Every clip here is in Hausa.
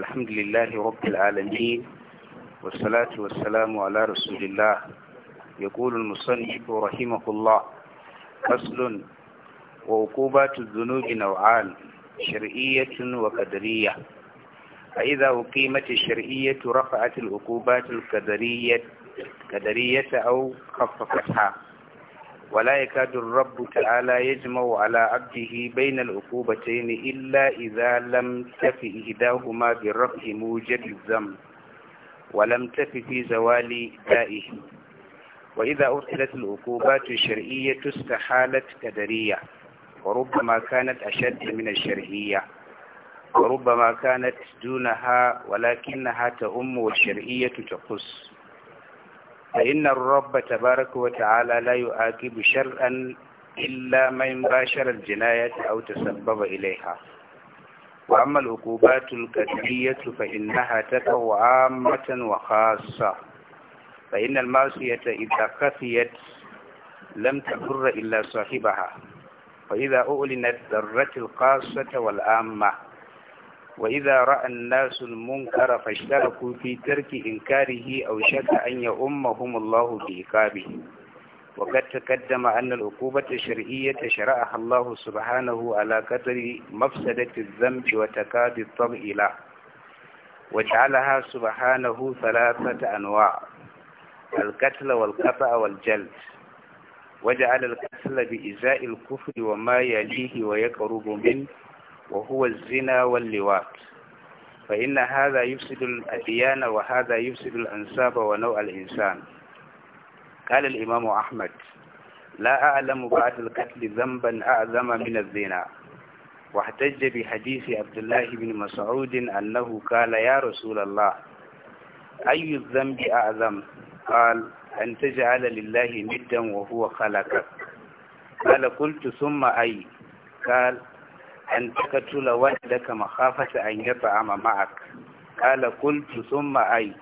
الحمد لله رب العالمين والصلاة والسلام على رسول الله يقول المصنف رحمه الله فصل وعقوبات الذنوب نوعان شرعية وقدرية فإذا أقيمت الشرعية رفعت العقوبات القدرية قدرية أو خففتها ولا يكاد الرب تعالى يجمع على عبده بين العقوبتين إلا إذا لم تف إهداهما برفع موجب الذنب ولم تف في زوال دائه وإذا أرسلت العقوبات الشرعية استحالت قدرية وربما كانت أشد من الشرعية وربما كانت دونها ولكنها تؤم والشرعية تقص فإن الرب تبارك وتعالى لا يعاقب شرا إلا من باشر الجناية أو تسبب إليها وأما العقوبات القدرية فإنها تقع عامة وخاصة فإن المعصية إذا خفيت لم تضر إلا صاحبها وإذا أعلنت ضرت الخاصة والعامة وإذا رأى الناس المنكر فاشتركوا في ترك إنكاره أو شك أن يؤمهم الله بإيقابه وقد تقدم أن العقوبة الشرعية شرعها الله سبحانه على قدر مفسدة الذنب وتكاد الطبع له وجعلها سبحانه ثلاثة أنواع القتل والقطع والجلد وجعل القتل بإزاء الكفر وما يليه ويقرب منه وهو الزنا واللواط فإن هذا يفسد الأديان وهذا يفسد الأنساب ونوع الإنسان قال الإمام أحمد لا أعلم بعد القتل ذنبا أعظم من الزنا واحتج بحديث عبد الله بن مسعود أنه قال يا رسول الله أي الذنب أعظم قال أن تجعل لله ندا وهو خلقك قال قلت ثم أي قال أن تقتل ولدك مخافة أن يطعم معك قال قلت ثم أي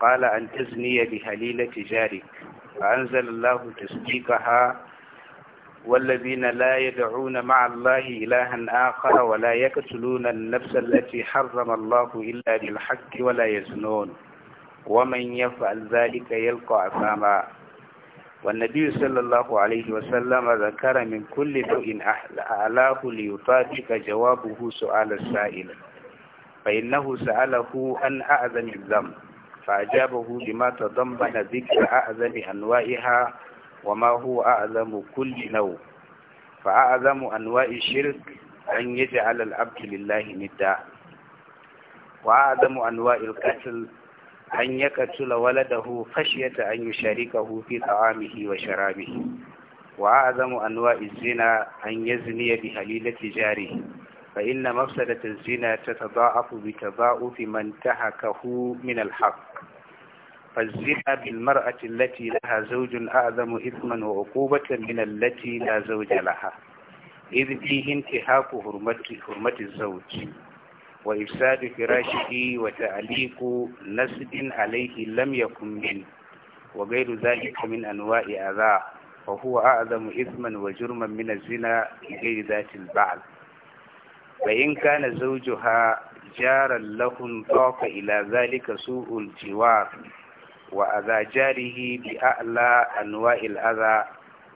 قال أن تزني بهليلة جارك فأنزل الله تصديقها والذين لا يدعون مع الله إلها آخر ولا يقتلون النفس التي حرم الله إلا بالحق ولا يزنون ومن يفعل ذلك يلقى أثاما والنبي صلى الله عليه وسلم ذكر من كل نوع أعلاه ليطابق جوابه سؤال السائل فإنه سأله عن أعظم الذنب فأجابه بما تضمن ذكر أعظم أنواعها وما هو أعظم كل نوع فأعظم أنواع الشرك أن يجعل العبد لله ندا وأعظم أنواع القتل أن يقتل ولده خشية أن يشاركه في طعامه وشرابه وأعظم أنواع الزنا أن يزني بهليلة جاره فإن مفسدة الزنا تتضاعف بتضاعف ما انتهكه من الحق فالزنا بالمرأة التي لها زوج أعظم إثما وعقوبة من التي لا زوج لها إذ فيه انتهاك حرمة الزوج وإفساد فراشه وتعليق نسج عليه لم يكن منه وغير ذلك من أنواع أذى وهو أعظم إثما وجرما من الزنا غير ذات البعل فإن كان زوجها جارا له انطاق إلى ذلك سوء الجوار وأذى جاره بأعلى أنواع الأذى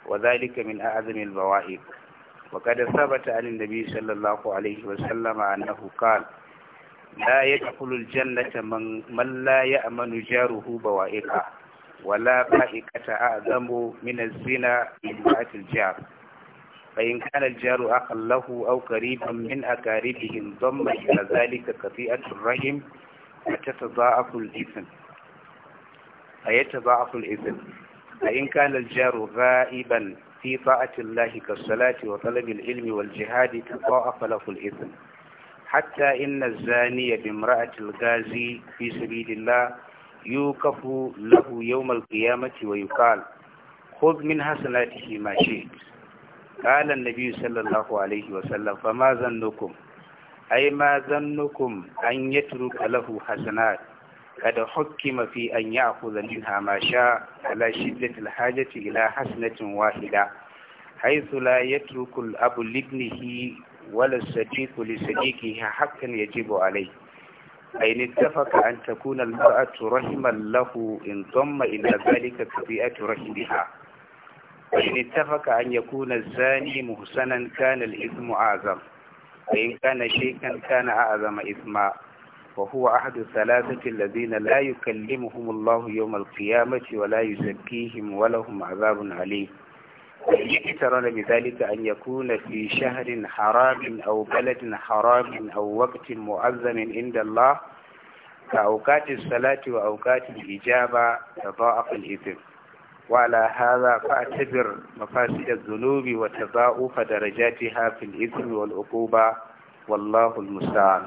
وذلك من أعظم البوائب وقد ثبت عن النبي صلى الله عليه وسلم أنه قال لا يدخل الجنة من, من لا يأمن جاره بوائقه ولا بائقة أعظم من الزنا بامرأة الجار فإن كان الجار أخا له أو قريبا من أقاربه انضم إلى ذلك قطيئة الرحم فتتضاعف الإثم فيتضاعف الإثم فإن كان الجار غائبا في طاعة الله كالصلاة وطلب العلم والجهاد تضاعف له الإثم حتى إن الزانية بامرأة الغازي في سبيل الله يوقف له يوم القيامة ويقال خذ من حسناته ما شئت قال النبي صلى الله عليه وسلم فما ظنكم أي ما ظنكم أن يترك له حسنات قد حكم في أن يأخذ منها ما شاء على شدة الحاجة إلى حسنة واحدة حيث لا يترك الأب لابنه ولا الصديق لصديقه حقا يجب عليه أين اتفق أن تكون المرأة رحما له إن ضم إلى ذلك كفئة رحمها وإن اتفق أن يكون الزاني محسنا كان الإثم أعظم وإن كان شيئا كان أعظم إثما وهو أحد الثلاثة الذين لا يكلمهم الله يوم القيامة ولا يزكيهم ولهم عذاب عليم يقترن بذلك أن يكون في شهر حرام أو بلد حرام أو وقت مؤذن عند الله كأوقات الصلاة وأوقات الإجابة تضاعف الإثم وعلى هذا فاعتبر مفاسد الذنوب وتضاعف درجاتها في الإثم والعقوبة والله المستعان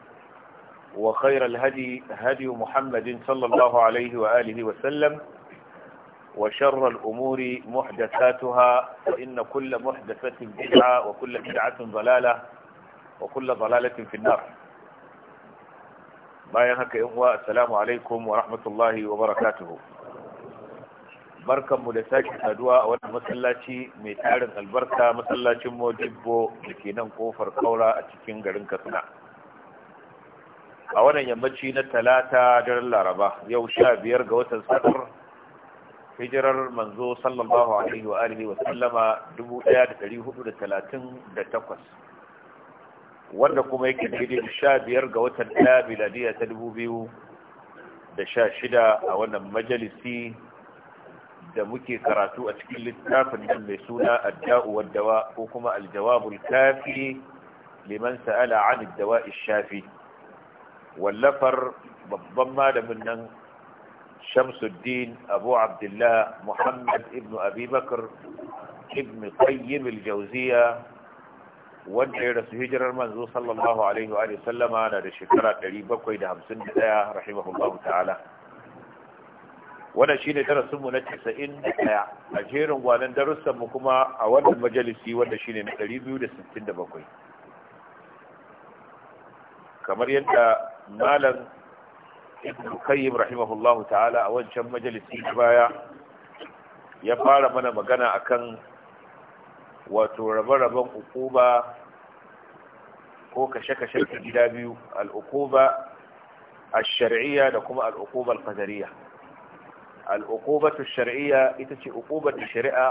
وخير الهدي هدي محمد صلى الله عليه وآله وسلم وشر الأمور محدثاتها فإن كل محدثة بدعة وكل بدعة ضلالة وكل ضلالة في النار bayan haka yan uwa assalamu alaikum wa rahmatullahi wa barakatuhu barkanmu da sake saduwa a wannan masallaci mai tarin albarka masallacin modibbo da nan kofar kaura a cikin garin katsina a wannan yammaci na talata daren laraba yau sha biyar ga watan sadar hijirar manzo sallallahu alaihi wa alihi wa sallama 1438 wanda kuma yake daidai da sha biyar ga watan ɗaya miladiya ta dubu biyu da sha shida a wannan majalisi da muke karatu a cikin littafin nan mai suna adda'u wadda ko kuma aljawabul kafi liman sa'ala an dawa'i shafi wallafar babban malamin nan shamsuddin abu abdullah muhammad ibn abubakar ibn qayyim al-jawziya wanda ya rasu hijirar manzo sallallahu alaihi wa sallama na da shekara 751 rahimahullahu ta'ala wannan shine darasin mu na 91 a jerin gwanan darussan mu kuma a wannan majalisi wanda shine na 267 kamar yadda malam ibn qayyim rahimahullahu ta'ala a wancan majalisi na baya ya fara mana magana akan wato rabe-raben ukuba ko kashe-kashe gida biyu al'ukuba a shariyya da kuma al'ukuba al-qadariyya al'ukuba ita ce ukubar da shari'a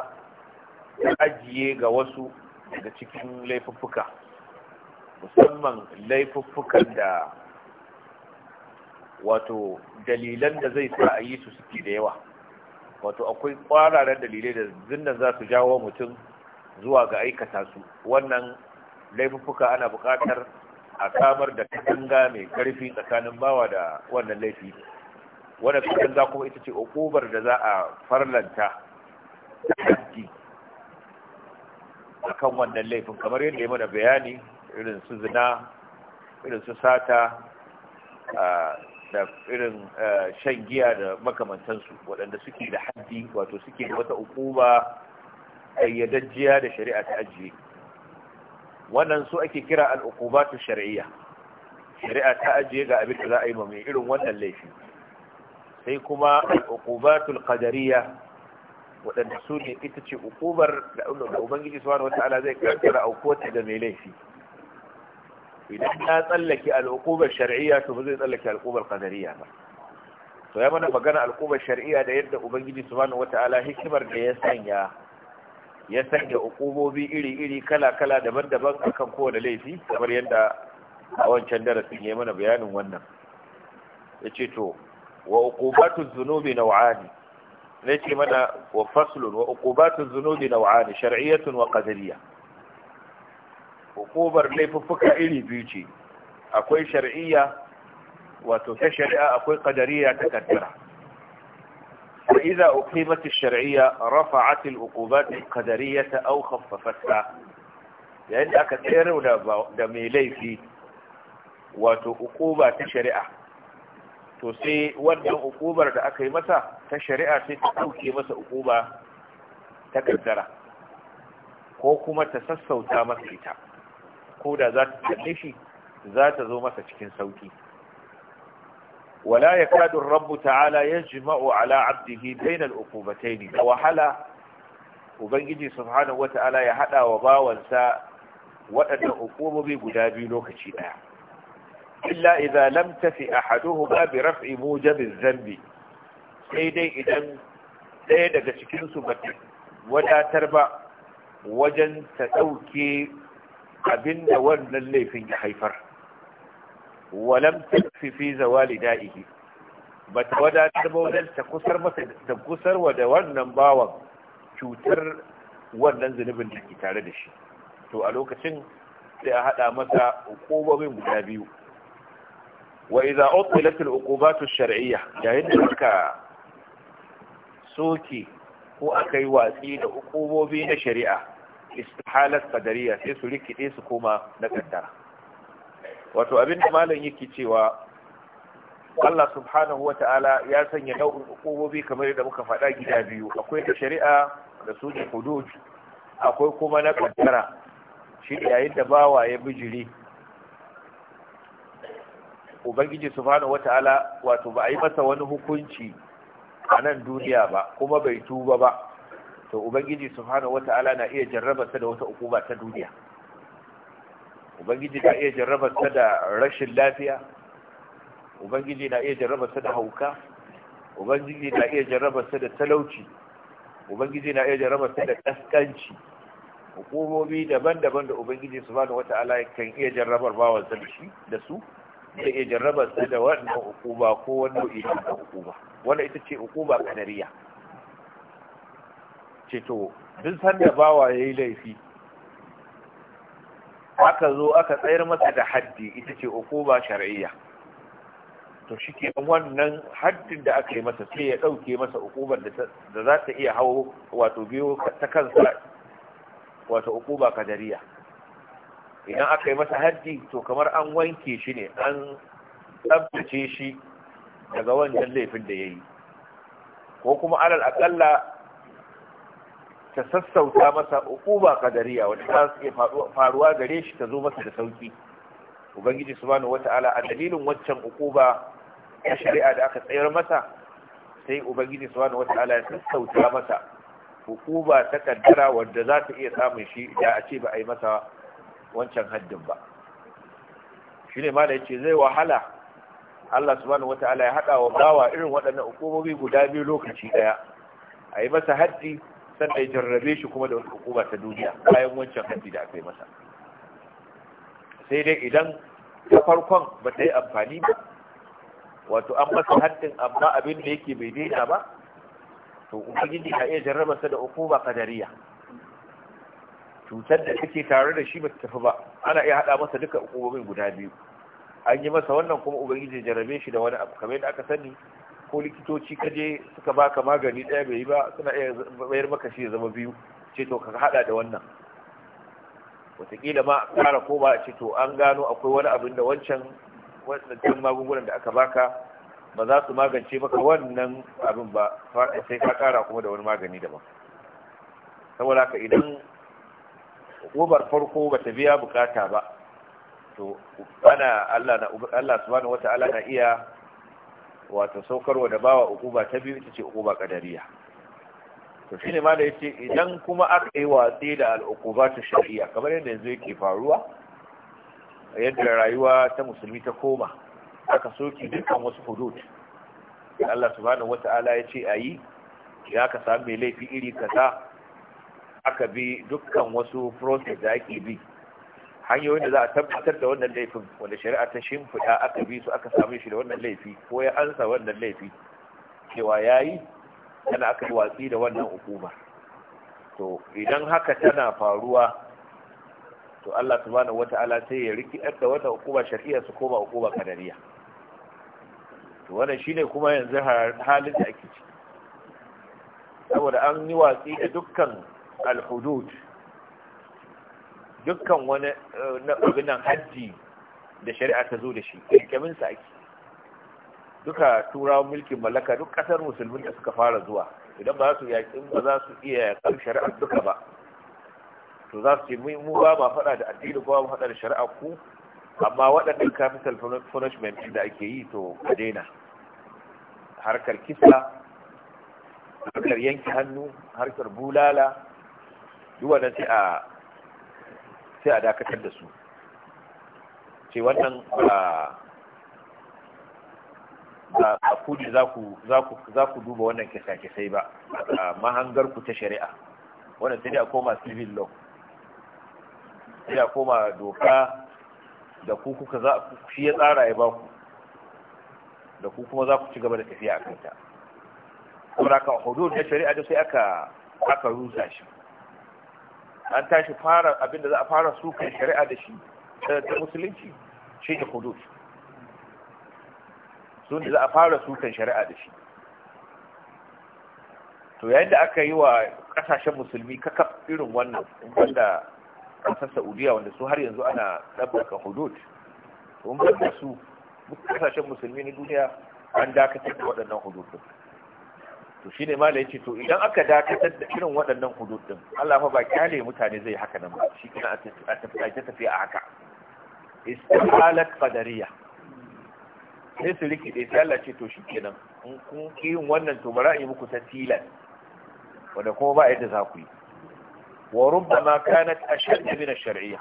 ta ajiye ga wasu daga cikin laifuffuka musamman laifuffukan da wato dalilan da zai sa a yi su suke da yawa wato akwai ƙwararren dalilai da zinnan za su jawo mutum zuwa ga aikata su wannan laifuka ana bukatar a samar da katanga mai karfi tsakanin bawa da wannan laifi wannan katanga kuma ita ce ukubar da za a farlanta a kan wannan laifin kamar yadda ya mana bayani irin su zina irin su sata da irin eh, shan giya da makamantansu waɗanda suke da haddi wato suke da wata ukuba ayyadajjiya da shari'a ta ajiye wannan su ake kira al'ukubatu shari'iyya shari'a ta ajiye ga abin da za a yi mai irin wannan laifi sai kuma al'ukubatul qadariyya waɗanda su ne ita ce ukubar da ubangiji suwa wata ala zai karkara aukuwata da mai laifi idan ta tsallake al'uqubar shar'iyya to ba zai tsallake al'uqubar qadariyya ba to ya mana magana al'uqubar shar'iyya da yadda ubangiji subhanahu wataala hikimar da ya sanya ya sanya uqubobi iri-iri kala-kala daban-daban akan kowane laifi kamar yadda a wancan darasin ya mana bayanin wannan yace to wa uqubatu dhunubi naw'ani yace mana wa faslun wa uqubatu dhunubi naw'ani shar'iyyatun wa qadariyya hukumar laifuffuka iri biyu ce akwai shar'iyya wato ta shari'a akwai qadariyya ta kaddara fa idza uqimat ash-shar'iyya rafa'at al-uqubat al-qadariyya aw khaffafatha yayin da aka tsayar da mai laifi wato uquba ta shari'a to sai wannan uƙubar da aka yi masa ta shari'a sai ta dauke masa uquba ta ko kuma ta sassauta masa ita ko da za ta kalle shi za ta zo masa cikin sauki wala yakadu rabbu ta'ala yajma'u ala 'abdihi bayna al-uqubatayn wahala ubangiji subhanahu wata'ala ya hada wa bawansa waɗannan hukumomi guda biyu lokaci ɗaya illa idza lam tafi ahaduhuma bi raf'i mujabiz zambi sai dai idan ɗaya daga cikin su ba wadatar ba wajen ta ɗauke abinda wannan laifin ya haifar walam tafi fi zawali da'ihi ba ta wadatar ba ta kusar masa da kusar wa da wannan bawan cutar wannan zunubin da ke tare da shi to a lokacin sai a haɗa masa hukumomin guda biyu wa idza utilat al uqubatu shar'iyya yayin da aka soke ko aka watsi da hukumomi na shari'a istihalat qadariya sai su rikide su koma na kaddara wato abin da malam yake cewa Allah subhanahu wa ta'ala ya sanya nau'in hukumomi kamar yadda muka faɗa gida biyu akwai da shari'a da su ne hudud akwai kuma na kaddara shi yayin da bawa ya bijiri ubangiji subhanahu wa ta'ala wato ba a yi masa wani hukunci a nan duniya ba kuma bai tuba ba to ubangiji subhanahu wata'ala na iya jarrabarsa da wata ukuba ta duniya ubangiji na iya jarrabarsa da rashin lafiya ubangiji na iya jarrabarsa da hauka ubangiji na iya jarrabarsa da talauci ubangiji na iya jarrabarsa da kaskanci hukumomi daban-daban da ubangiji subhanahu wata'ala kan iya jarrabar bawan shi da su da iya jarrabarsa da wannan hukuma ko wannan ita hukuma wannan ita ce hukuma kanariya. ce to duk sanda bawa yayi laifi aka zo aka tsayar masa da haddi ita ce ukuba shar'iyya to shi ke wannan haddin da aka yi masa sai ya ɗauke masa ukubar da za ta iya hau wato biyo ta kansa wato ukuba kadariya idan aka yi masa haddi to kamar an wanke shi ne an tsabtace shi daga wancan laifin da ya yi ko kuma alal akalla ta sassauta masa ukuba qadariya wanda wani su suke faruwa gare shi ta zo masa da sauki ubangiji subhanahu wata'ala a dalilin waccan ukuba ta shari'a da aka tsayar masa sai ubangiji subhanahu wata'ala ya sassauta masa Ukuba ta kaddara wanda za ta iya samun shi da a ce ba a yi masa wancan haddin ba shi ne mala yace zai wahala Allah subhanahu wata'ala ya hada wa bawa irin waɗannan hukumomi guda biyu lokaci daya a yi masa haddi sannan ya jarrabe shi kuma da wasu hukuma ta duniya bayan wancan haddi da aka yi masa sai dai idan ta farkon ba ta yi amfani ba wato an masa haddin amma abin da yake bai daina ba to ubangiji ka iya jarraba sa da hukuma kadariya cutar da take tare da shi ba ta tafi ba ana iya hada masa duka hukumomin guda biyu an yi masa wannan kuma ubangiji jarrabe shi da wani abu kamar yadda aka sani ko likitoci kaje suka baka magani ɗaya bai yi ba suna iya bayar maka shi zama biyu ce to ka hada da wannan wataƙila ma ƙara ko ba ce to an gano akwai wani abin da wancan wancan magungunan da aka baka ba za su magance maka wannan abin ba sai ka ƙara kuma da wani magani daban saboda ka idan gobar farko ba ta biya bukata ba to ana Allah subhanahu wata'ala na iya wato saukarwa da bawa ukuba ta biyu ita ce ukuba kadariya to ne ma da yace idan kuma aka yi watsi da ta shari'a kamar yadda yanzu yake faruwa yadda rayuwa ta musulmi ta koma aka soki dukkan wasu hudud Allah subhanahu wata'ala ya ce ayi ya ka sami laifi iri kaza aka bi dukkan wasu process da ake bi hanyoyin da za a tabbatar da wannan laifin wanda shari'a ta shimfiɗa aka bi su aka same shi da wannan laifi ko ya ansa wannan laifi cewa ya yi tana aka yi watsi da wannan hukuma to idan haka tana faruwa to Allah subhanahu wata'ala sai ya rikidar da wata hukuma shari'a su koma hukuma kadariya to wannan shine kuma yanzu halin da ake ciki saboda an yi watsi da dukkan al-hudud dukkan wani eh, na haddi da shari'a ta zo da shi kirkimin sa ake duka turawan mulkin mallaka duk kasar musulmin da suka fara zuwa idan ba su yakin ba za su iya shari'ar duka ba to za su ce mu ba ma faɗa da addini ko ba mu faɗa da shari'a ku amma waɗannan capital punishment da ake yi to a daina harkar kisa harkar yanke hannu harkar bulala duk sai a sai a dakatar da su ce wannan ba a kudi za ku duba wannan kisa-kisai ba a mahangar ku ta shari'a wannan sai da koma civil law sai da koma doka da ku kuka za shi ya tsara ya ba ku da ku kuma za ku ci gaba da tafiya a kanta kuma hudu ta shari'a da sai aka rusa shi an tashi fara abinda za a fara sukan shari'a da shi ta musulunci shi ne hudud sun da za a fara sukan shari'a da shi to yayin da aka yi wa kasashen musulmi kakaf irin wannan wanda kasar saudiya wanda su har yanzu ana ɗabbaka hudud to banda da su kasashen musulmi na duniya an dakatar da waɗannan hudud to ne malai ce to idan aka dakatar da irin waɗannan hudud din Allah fa ba kyale mutane zai haka nan ba shi kina a tafiya tafi tafiya a haka istihalat qadariya sai su riki sai Allah ce to shi kenan in kun yin wannan to bara yi muku tatilan wanda kuma ba yadda za ku yi wa rubbama kanat ashad min ash-shar'iyya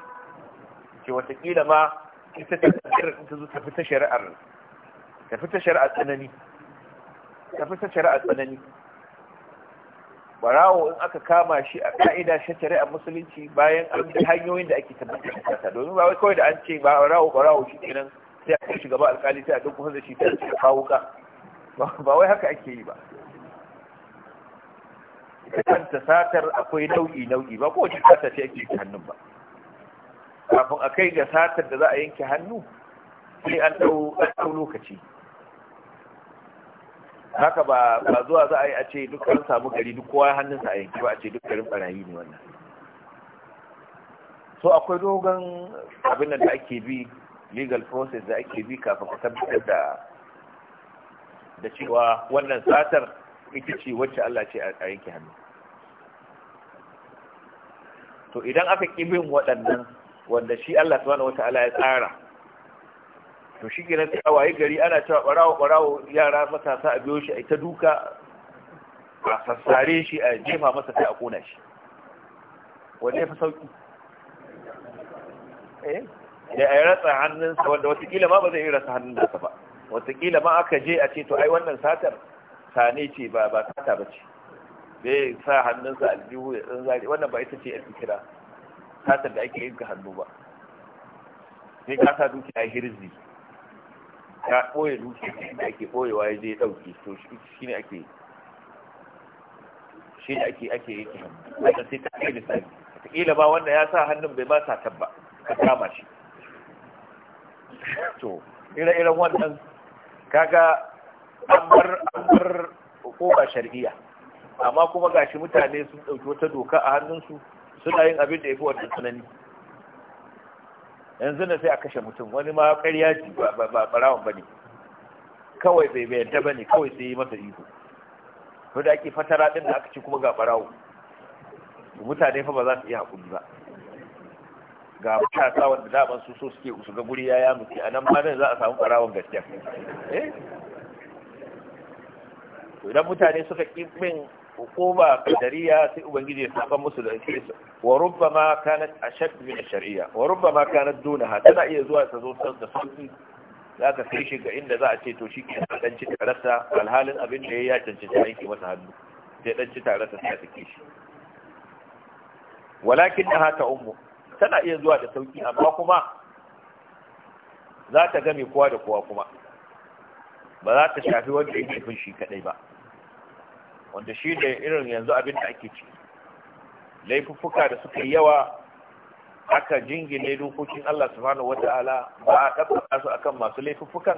ce kila ma ita ta ta zo ta fita shari'ar ta fita shari'ar tsanani tafi ta shari'a tsanani barawo in aka kama shi a ka'ida shi shari'a musulunci bayan an bi hanyoyin da ake tabbatar da kasa domin ba wai kawai da an ce ba barawo barawo shi kenan sai a kai shugaba alkali sai a duk kusa da shi sai a kawo ka ba wai haka ake yi ba ita kanta satar akwai nau'i nau'i ba kowace satar ce ake yanke hannun ba kafin a kai ga satar da za a yanke hannu sai an ɗau lokaci haka ba ba zuwa za a yi a ce duk an samu gari duk kowa hannunsa a yanki ba a ce duk garin barayi ne wannan so akwai dogon abin da ake bi legal process da ake bi kafin ka tabbatar da da cewa wannan satar ita ce wacce Allah ce a yanki hannu to idan aka ƙi bin waɗannan wanda shi Allah subhanahu wata'ala ya tsara to shi ke nan a waye gari ana cewa barawo barawo yara matasa a biyo shi a ta duka a sassare shi a jefa masa sai a kona shi wanda ya fi sauki eh a yi ratsa hannunsa wanda watakila ma ba zai yi rasa hannun nasa ba watakila ma aka je a ce to ai wannan satar sane ce ba ba sata ba ce bai sa hannunsa aljihu ya tsan zari wannan ba ita ce ake fikira satar da ake yin ka hannu ba sai ka sa dukiya hirzi ya ɓoye dukiyar da ake ɓoyewa ya zai ɗauki to shi ne ake shi ne ake ake yi wanda sai ka kai lissafi wataƙila ba wanda ya sa hannun bai ba sa tabba ka kama shi to ire-iren wannan kaga an bar an bar ba shari'a amma kuma gashi mutane sun ɗauki wata doka a hannunsu suna yin abin da ya fi wata tsanani yanzu na sai a kashe mutum wani ma ƙarya ji ba barawan ba ne kawai bai yadda ba ne kawai sai yi masa ihu to da ake fatara ɗin da aka ci kuma ga barawo mutane fa ba za su iya haƙuri ba ga matasa wanda daban su so suke su ga guri ya ya mutu a nan ma za a samu barawon gaskiya eh idan mutane suka ƙi min ba kadariya sai ubangiji ya saba musu da sai wa rubbama kanat ashad min ash-shar'iyya wa rubbama kanat dunaha tana iya zuwa ta zo da sauki zaka kai shi ga inda za a ce to shi ke dan ci tarasa alhalin abin da ya cancanci aiki masa hannu sai dan ci tarasa sai ta kishi walakinnaha ta ummu tana iya zuwa da sauki amma kuma za ta game kowa da kowa kuma ba za ta shafi wanda yake fin shi kadai ba wanda shi ne irin yanzu abin da ake ciki laifuffuka da suka yi yawa aka jingine dokokin Allah subhanahu wata'ala ba a ɗabbaka su akan masu laifuffukan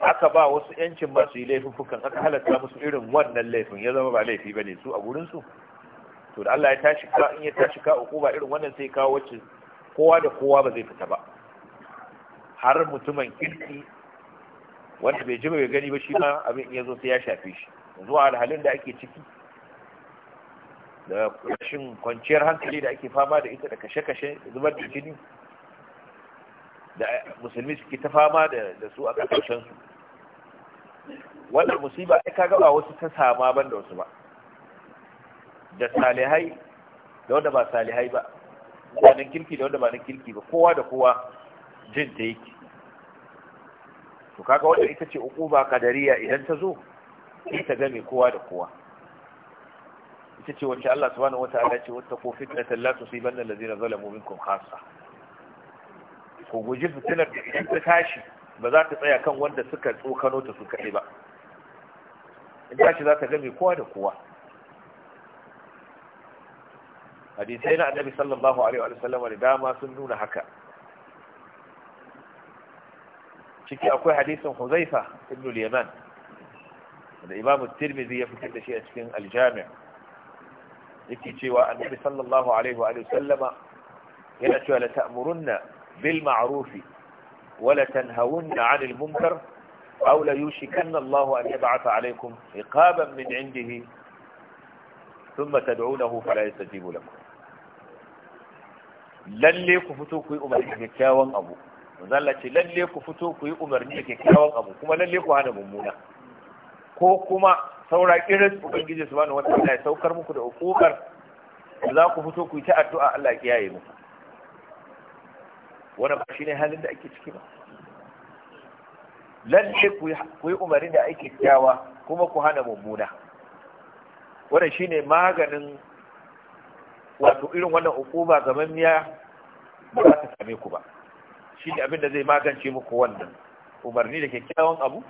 aka ba wasu yancin ba su laifuffukan aka halatta musu irin wannan laifin ya zama ba laifi bane su a gurin su to da Allah ya tashi ka in ya tashi ka uku ba irin wannan sai kawo wacce kowa da kowa ba zai fita ba har mutumin kirki wanda bai ji bai gani ba shi ma abin ya zo sai ya shafe shi yanzu a halin da ake ciki da rashin kwanciyar hankali da ake fama da ita da kashe-kashe zubar da jini da musulmi suke ta fama da su a su wannan musiba ai kaga ba wasu ta sama ban da wasu ba da salihai da wanda ba salihai ba da na kirki da wanda ba na kirki ba kowa da kowa jin ta yake to kaga wanda ita ce uku ba kadariya idan ta zo ita game kowa da kowa ita ce wacce Allah subhanahu wata'ala ce wata ko fitnatan la tusibanna allazina zalamu minkum khassa ku guji fitinar da idan ta tashi ba za ta tsaya kan wanda suka tsokano ta su kaɗai ba in ce za ta game kowa da kowa hadisai na annabi sallallahu alaihi wa sallam da dama sun nuna haka ciki akwai hadisin huzaifa ibn al-yaman da imam tirmidhi ya fitar da shi a cikin al-jami' yake cewa annabi sallallahu alaihi wa sallama yana cewa la ta'murunna bil ma'ruf wa la tanhawunna 'anil munkar aw la yushikanna Allahu an yab'atha 'alaykum iqaban min 'indihi thumma tad'unahu fala yastajibu lakum lalle ku fito ku yi umarni da kyakkyawan abu manzala ce lalle ku fito ku yi umarni da kyakkyawan abu kuma lalle ku hana mummuna ko kuma saura kiris ubangiji subhanahu wataala ya saukar muku da ukubar za ku fito ku yi ta addu'a Allah ya kiyaye muku wannan ba shine halin da ake ciki ba lalle ku yi umarni da ake kyawa kuma ku hana mummuna wannan shine maganin wato irin wannan ukuba miya ba za ta same ku ba shine abin da zai magance muku wannan umarni da kyakkyawan abu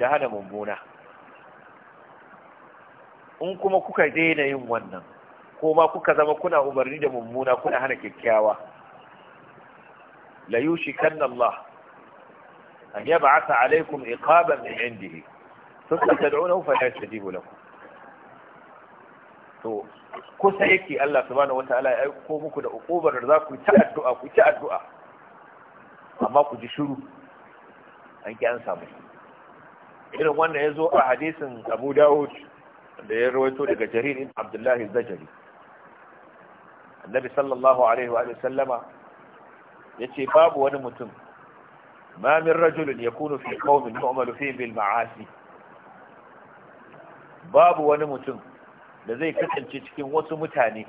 da hana mummuna in kuma kuka daina yin wannan ko ma kuka zama kuna umarni da mummuna kuna hana kyakkyawa la yushikanna Allah an yab'atha alaykum iqaban min indihi thumma tad'unahu fala yastajibu lakum to kusa yake Allah subhanahu wataala ya aiko muku da ukubar da za ku ta addu'a ku ta addu'a amma ku ji shiru an ki an samu irin wannan ya zo a hadisin Abu Dawud da ya rawaito daga jarir ibn abdullahi zajari annabi sallallahu alaihi wa sallama yace babu wani mutum ma min rajulin ya fi qaumin yu'malu fi bil ma'asi babu wani mutum da zai kasance cikin wasu mutane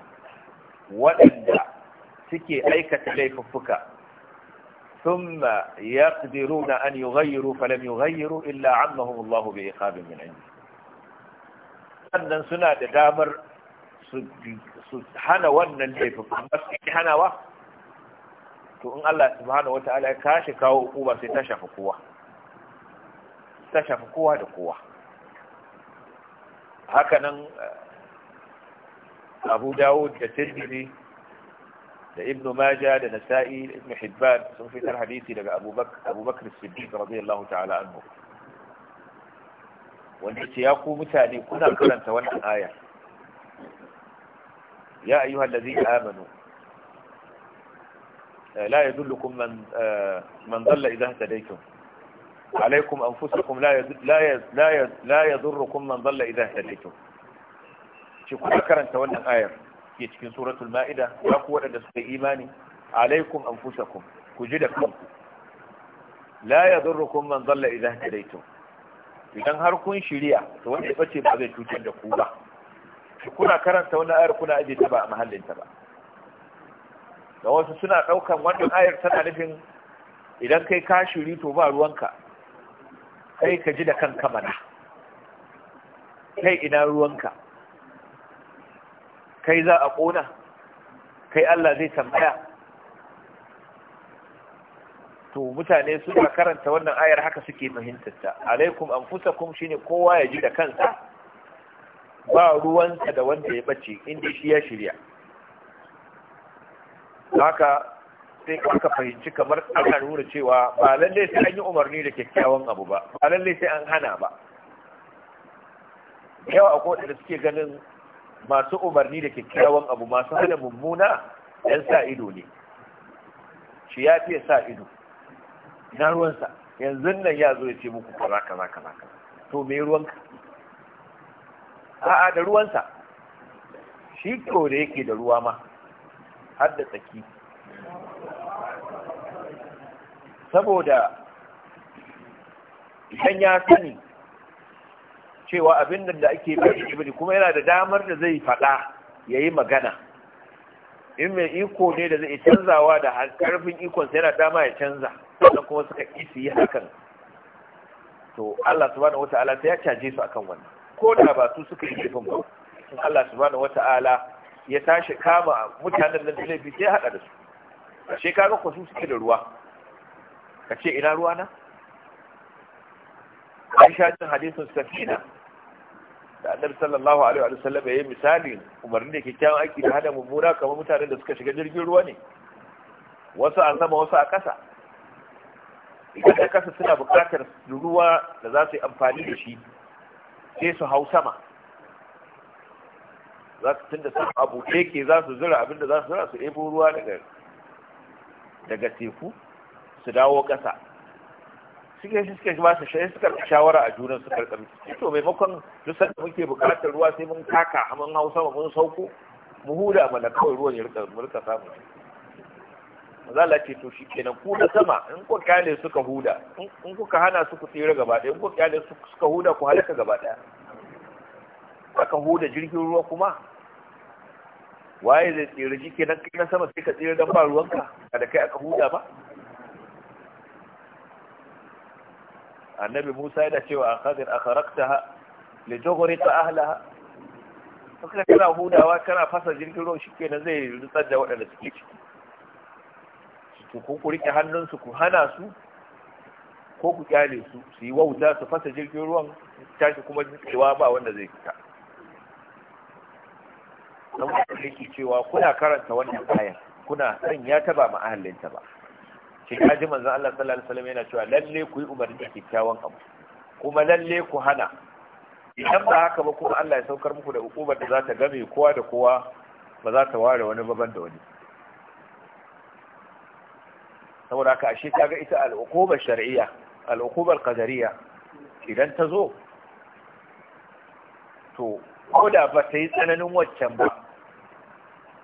waɗanda suke aikata laifuffuka ثم يقدرون أن يغيروا فلم يغيروا إلا عمهم الله بإيقاب من عنده sannan suna da damar su hana wannan laifin amma su hanawa to in Allah subhanahu wata'ala ya kashi kawo kuwa sai ta shafi kowa ta shafi kowa da kowa hakanan eh, abu dawud da tirmidhi da ibn majah da nasa'i da ibn hibban sun fitar hadisi daga abubakar siddiq radiyallahu ta'ala anhu wanda ce ya ku mutane kuna karanta wannan aya ya ayyuhal allazi amanu لا يدلكم من من ضل إذا اهتديتم عليكم أنفسكم لا لا لا لا يضركم من ضل إذا اهتديتم شكون كرنت wannan ayar ke cikin suratul maida ya ku wadanda suka imani alaikum anfusakum ku ji da kanku la yadurukum man dhalla idha hadaytum idan har kun shirya to wanda ya bace ba zai cutar da ku ba kuna karanta wani ayar kuna aje ta ba a mahallinta ba da wasu suna ɗaukan wannan ayar tana nufin idan kai ka shiri to ba ruwanka kai ka ji da kan mana kai ina ruwanka kai za a ƙona kai Allah zai tambaya to mutane suna karanta wannan ayar haka suke fahimtarta alaikum anfusakum shine kowa ya ji da kansa ba ruwansa da wanda ya bace inda shi ya shirya haka sai aka fahimci kamar ana nuna cewa ba lalle sai an yi umarni da kyakkyawan abu ba ba lalle sai an hana ba yawa a akwai da suke ganin masu umarni da kyakkyawan abu masu hana mummuna yan sa ido ne shi ya fiye sa ido na ruwansa yanzu nan ya zo ya ce muku kaza kaza kaza to me ruwanka a'a da ruwansa shi ko da yake da ruwa ma har da tsaki saboda idan ya sani cewa abin nan da ake bai ibni kuma yana da damar da zai faɗa ya yi magana in mai iko ne da zai canzawa da karfin ikonsa sai yana dama ya canza sannan kuma suka isi yi hakan to Allah subhanahu wata'ala ta ya caje su akan wannan ko da ba su suka yi laifin ba in Allah subhanahu wata'ala ya tashi kama mutanen nan da bi sai haɗa da su a kaga ku su suke da ruwa ka ce ina ruwa na an sha jin hadisun safina da annabi sallallahu alaihi wa sallam ya yi misali umarni da kyakkyawan aiki da hada mummuna kamar mutanen da suka shiga jirgin ruwa ne wasu a sama wasu a ƙasa idan da kasa suna buƙatar ruwa da za su yi amfani da shi sai su hau sama za su tunda sun abu ke za su zura abinda za su zura su ebo ruwa daga teku su dawo ƙasa suke shi suke ba su shayi suka shawara a junan su karkar shi to maimakon duk sanda muke buƙatar ruwa sai mun taka mun hau sama mun sauko mu huda mana kawai ruwan ya rika samun mazala ce to shikenan ku na sama in ku kyale suka huda in kuka hana su ku tsira gaba ɗaya in ku kyale suka huda ku halaka gaba ɗaya aka huda jirgin ruwa kuma waye zai tsira ji kenan kai na sama sai ka tsira dan ba ruwanka da kai aka huda ba annabi Musa yana cewa a khadir akharaqtaha li ta ahlaha kuka kana hudawa kana fasa jirgin ruwa shikenan zai rutsar da waɗanda suke ciki ku ko ku rike hannunsu ku hana su ko ku kyale su su yi wauta su fasa jirgin ruwan tashi kuma cewa ba wanda zai fita don wanda yake cewa kuna karanta wannan aya kuna san ya taba ma'ahallinta ba shi ka ji manzon Allah sallallahu alaihi wasallam yana cewa lalle ku yi umarni da kyakkyawan abu kuma lalle ku hana idan ba haka ba kuma Allah ya saukar muku da ukubar da za ta game kowa da kowa ba za ta ware wani babban wani saboda ka ashe ga ita al'uqubar shar'iyya al'uqubar qadariyya idan ta zo to koda ba ta yi tsananin waccan ba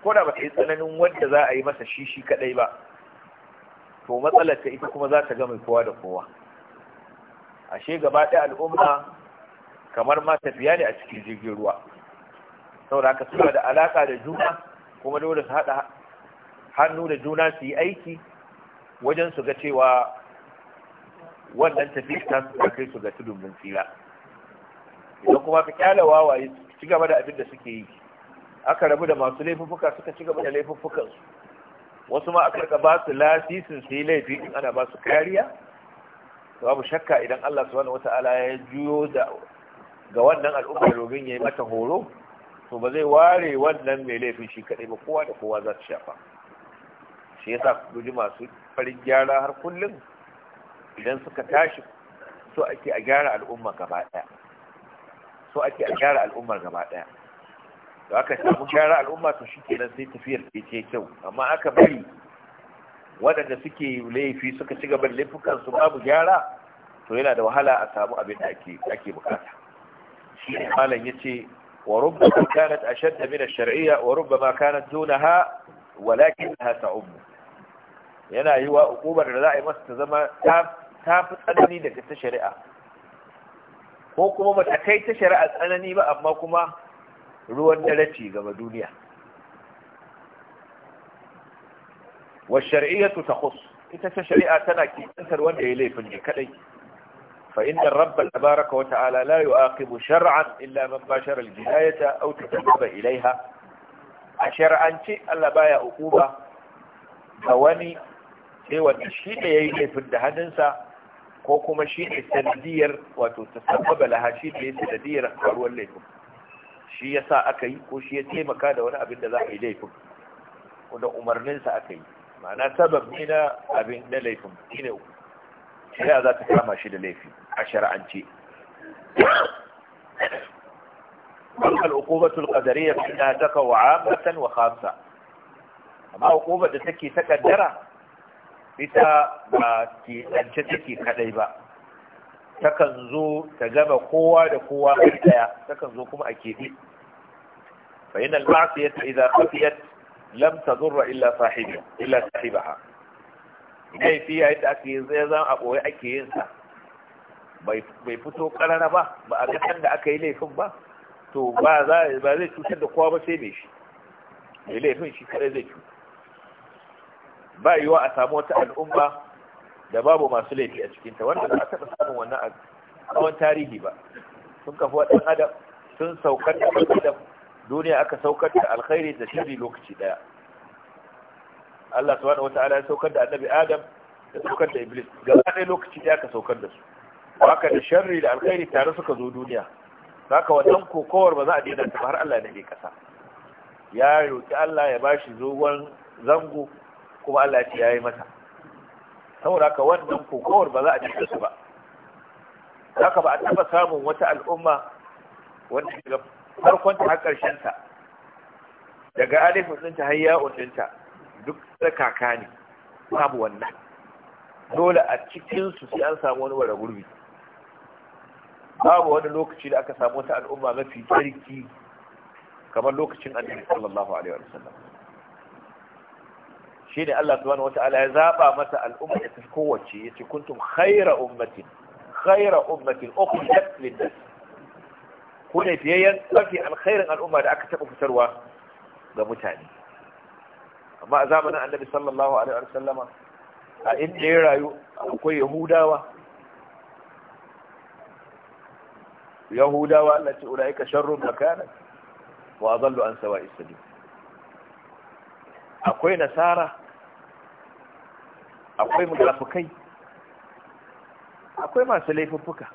koda ba ta yi tsananin wanda za a yi masa shi shi kadai ba to matsalar ta ita kuma za ta ga mai kowa da kowa ashe gaba ɗaya al'umma kamar ma tafiya ne a cikin jirgin ruwa saboda ka suna da alaka da juna kuma dole su haɗa hannu da juna su yi aiki wajen su ga cewa wannan tafi ta su kai su ga tudun mun tsira idan kuma ka kyala wawaye su ci gaba da abin da suke yi aka rabu da masu laifuffuka suka ci gaba da laifuffukan su wasu ma aka rika ba su lasisin su yi laifi in ana ba su kariya to babu shakka idan Allah subhanahu wataala ya juyo da ga wannan al'umma domin yi mata horo to ba zai ware wannan mai laifin shi kadai ba kowa da kowa za su shafa shi yasa kuji masu farin gyara har kullum idan suka tashi so ake a gyara al'umma gaba daya so ake a gyara al'ummar gaba daya da aka samu gyara al'umma to shikenan sai tafiyar ce ce kyau amma aka bari waɗanda suke laifi suka ci gaban laifukan su babu gyara to yana da wahala a samu abin da ake ake bukata shi ne malam yace wa rubbama kanat ashadd min ash-shar'iyya wa rubbama kanat dunaha walakinha ta'um yana yi wa hukumar da za a yi masa ta zama ta fi tsanani daga ta shari'a ko kuma ba ta kai ta shari'a tsanani ba amma kuma ruwan dare ci gaba duniya wa shari'atu takhus ita ta shari'a tana kitantar wanda ya laifin ne kadai فإن الرب تبارك وتعالى لا يؤاقب شرعا إلا من باشر الجناية أو تتنب إليها شرعا شيء ألا بايا أقوبة دواني sai wata shi ne ya yi laifin da hannunsa ko kuma shi ne sanadiyar wato ta sababa laha shi ne sanadiyar faruwar laifin shi ya sa aka yi ko shi ya taimaka da wani abin da za a yi laifin ko da umarninsa aka yi ma'ana sabab ne na abin na laifin shi ne ya za ta kama shi da laifi a shari'ance العقوبة القدرية فإنها wa عامة وخاصة أما عقوبة تكي تقدرها ita ba ke ɗance take kadai ba takan zo ta gama kowa da kowa kai ɗaya takan zo kuma a keɓe fa yana al-ma'siyatu idza khafiyat lam tadur illa sahibi illa sahibaha idan fi yayin da ake yin zai zama a ɓoye ake yin sa bai fito karara ba ba a ga da aka yi laifin ba to ba zai cutar da kowa ba sai mai shi mai laifin shi kare zai cutar ba yiwa a samu wata al'umma da babu masu laifi a cikinta wanda ba a taɓa samun wannan a tsawon tarihi ba sun kafa waɗannan adam sun saukar da adam duniya aka saukar da alkhairi da shiri lokaci ɗaya Allah Wata Ala ya saukar da annabi adam da saukar da iblis gaba ɗaya lokaci ɗaya aka saukar da su haka da sharri da alkhairi tare suka zo duniya haka wannan kokowar ba za a daina ta har Allah ya ne kasa ya roki Allah ya bashi zogon zango kuma Allah ya ce yayi mata saboda haka wannan kokowar ba za a cika su ba haka ba a taba samun wata al'umma wanda daga farkon ta har karshen ta daga alifin sun ta hayya ta duk tsakaka ne babu wannan dole a cikinsu sai an samu wani wara gurbi babu wani lokaci da aka samu wata al'umma mafi tsarki kamar lokacin annabi sallallahu alaihi wasallam shine Allah subhanahu wataala ya zaba masa al'umma ta kowace yace kuntum khayra ummatin khayra ummatin ukhrijat lin-nas kune biyayyan mafi alkhairin al'umma da aka taba fitarwa ga mutane amma a zamanin Annabi sallallahu alaihi wa sallama a inda ya rayu akwai yahudawa yahudawa Allah ce ulaika sharrun makana wa adallu an sawa'i sabil akwai nasara akwai munafukai akwai masu laifuffuka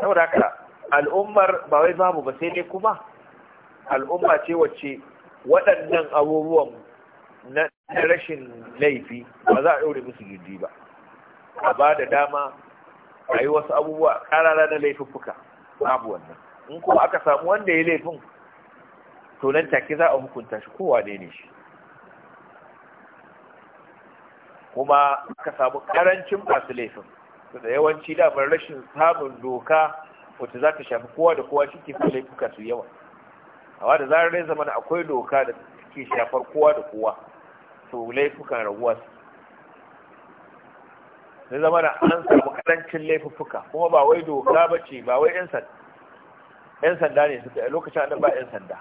saboda haka al'ummar ba wai babu ba sai dai kuma al'umma ce wacce waɗannan abubuwan na rashin laifi ba za a ɗaure musu gindi ba a ba da dama a yi wasu abubuwa ƙarara na laifuffuka babu wannan in kuma aka samu wanda ya laifin to nan take za a hukunta shi kowa ne ne shi kuma ka samu karancin masu laifin da yawanci damar rashin samun doka wata za ta shafi kowa da kowa cikin kuma laifuka su yawa amma da zarar rai zama akwai doka da ke shafar kowa da kowa to laifukan raguwa su zai zama da an samu karancin laifuffuka kuma ba wai doka ba ce ba wai 'yan sanda ne suka lokacin annan ba 'yan sanda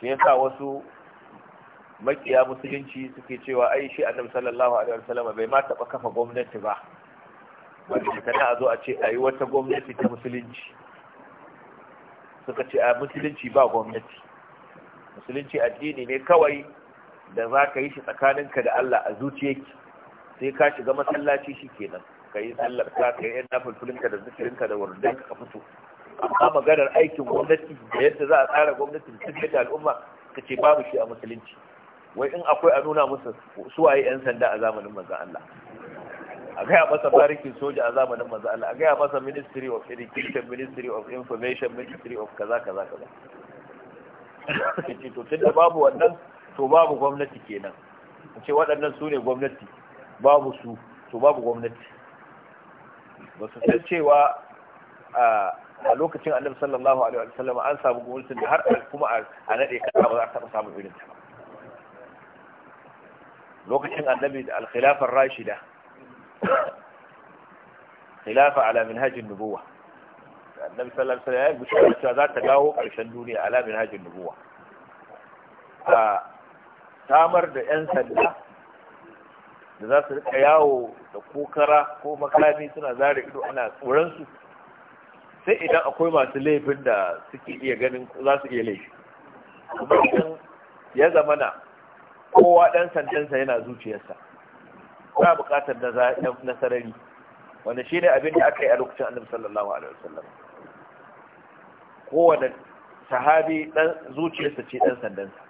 shi yasa wasu makiya musulunci suke cewa ai shi annabi sallallahu alaihi wasallam bai ma taba kafa gwamnati ba wanda kana a zo a ce ayi wata gwamnati ta musulunci suka ce a musulunci ba gwamnati musulunci addini ne kawai da za ka yi shi tsakaninka da Allah a zuciyarki sai ka shiga masallaci shi kenan ka yi sallar ka ka yi yan ka da zikirinka da wurdinka ka fito amma maganar aikin gwamnati da yadda za a tsara gwamnati da al'umma ka ce babu shi a musulunci wai in akwai a nuna musu su yi yan sanda a zamanin manzon Allah a gaya masa barikin soja a zamanin manzo Allah a gaya masa ministry of education ministry of information ministry of kaza kaza kaza to da babu wannan to babu gwamnati kenan ce waɗannan su ne gwamnati babu su to babu gwamnati ba su san cewa a lokacin annabi sallallahu alaihi wasallam an samu gwamnati, har kuma a nade kasa ba za a taɓa samun irin ta ba lokacin annabi da alkhilafar rashida khilafa ala minhajin nubuwa annabi sallallahu alaihi wasallam ya gushi za ta dawo karshen duniya ala minhajin nubuwa a samar da yan sanda da za su rika yawo da kokara ko makami suna zare ido ana tsoron su sai idan akwai masu laifin da suke iya ganin za su iya laifi kuma ya zamana kowa ɗan sandansa yana zuciyarsa ba buƙatar na sarari wanda shi ne abin da aka yi a lokacin annabi sallallahu alaihi wasallam kowane sahabi ɗan zuciyarsa ce ɗan sandansa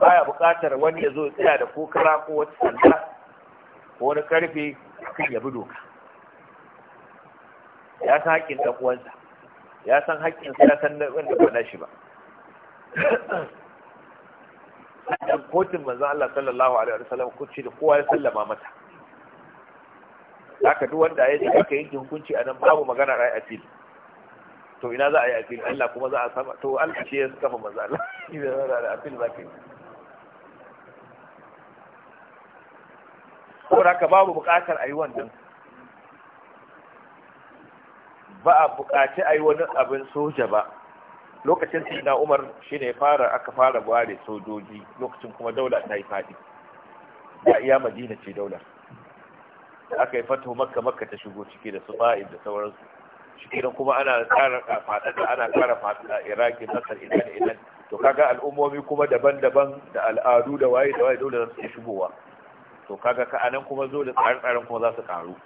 baya buƙatar wani ya zo tsaya da ko kara ko wata sanda ko wani karfe kan ya bi doka ya san haƙƙin ɗan uwansa ya san haƙƙin ya san wanda ba na shi ba a kotun manzon Allah sallallahu alaihi wasallam kun ce da kowa ya sallama mata Zaka duk wanda ya ji aka yanke hukunci a nan babu magana a fili? to ina za a yi afil Allah kuma za a sama to Allah shi ya kafa manzan Allah idan za a afil za ka yi saboda ka babu buƙatar a yi wannan ba a buƙaci a yi wani abin soja ba lokacin sayyidina Umar shine fara aka fara ware sojoji lokacin kuma daula ta yi fadi da iya Madina ce daular Da aka yi fatahu Makka Makka ta shigo ciki da su fa'id da sauransu shi kuma ana kara da ana kara fadada Iraki Masar idan-idan. to kaga al'ummomi kuma daban-daban da al'adu da waye da waye dole za su shigowa to kaga ka anan kuma zo da tsare-tsaren kuma za su karu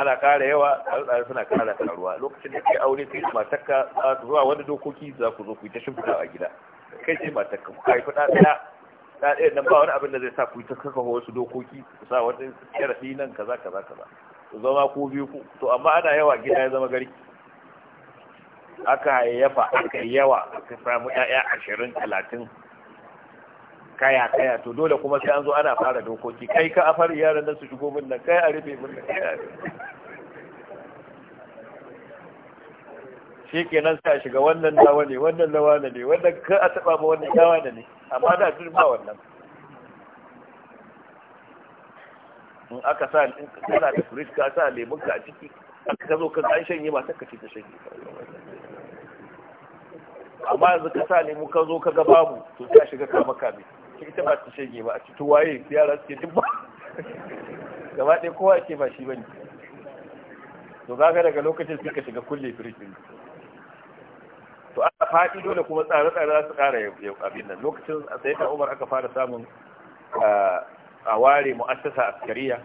ana ƙara yawa tsare-tsare suna ƙara karuwa lokacin da ke aure kai matakka za su zuwa wani dokoki za ku zo ku yi ta shimfiɗa a gida kai ce matakka ku kai ɗa ɗaya ɗa ɗaya nan ba wani abin da zai sa ku yi ta kaka wasu dokoki ku sa wani sharaɗi nan kaza kaza kaza ku zama ko biyu ku to amma ana yawa gida ya zama gari aka hayayyafa aka yawa aka samu ɗaya ashirin talatin kaya kaya to dole kuma sai an zo ana fara dokoki kai ka afar yaran nan su shigo min nan kai a rufe min nan shi nan sai a shiga wannan nawa ne wannan nawa ne wannan ka a taba ma wannan nawa ne amma da duk ba wannan in aka sa in kana da fridge ka sa lemun ka a ciki aka ka zo ka an shanye ba ta kace ta shanye amma yanzu ka sa lemun ka zo ka ga babu to sai shiga kama kame ce ita ba ta shege ba a ci to waye yara suke dubba gaba ɗaya kowa ke ba shi bane to kaga daga lokacin suka shiga kulle firifiri to aka faɗi dole kuma tsare-tsare za su ƙara yau abin nan lokacin a sai umar aka fara samun a ware mu'assasa askariya